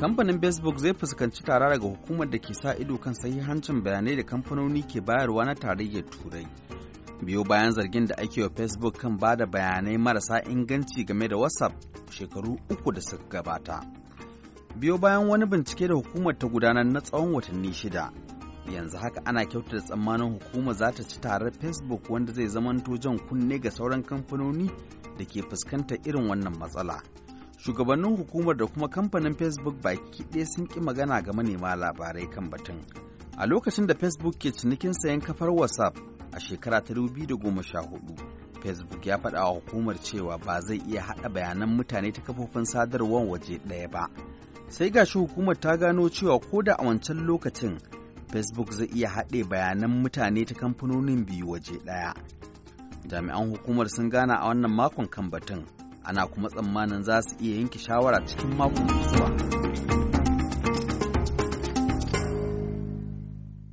kamfanin facebook zai fuskanci tara daga hukumar da ke sa ido kan sahihancin bayanai da kamfanoni ke bayarwa na tarayyar turai biyo bayan zargin da ake wa facebook kan ba da bayanai marasa inganci game da whatsapp shekaru uku da suka gabata biyo bayan wani bincike da hukumar ta gudanar na tsawon watanni shida yanzu haka ana kyautata tsammanin hukumar za ta ci tarar facebook wanda zai zamanto jan kunne ga sauran kamfanoni da ke fuskantar irin wannan matsala. shugabannin hukumar da kuma kamfanin facebook baki ɗaya sun ƙi magana ga manema labarai kan batun a lokacin da facebook ke cinikin sayan kafar whatsapp a shekara ta 2014 facebook ya faɗa wa hukumar cewa ba zai iya haɗa bayanan mutane ta kafofin sadarwar waje ɗaya ba sai gashi hukumar ta gano cewa ko da a wancan lokacin facebook zai iya haɗe bayanan mutane ta kamfanonin biyu waje ɗaya jami'an hukumar sun gana a wannan makon kan batun ana kuma tsammanin za su iya yanke shawara cikin mako zuwa.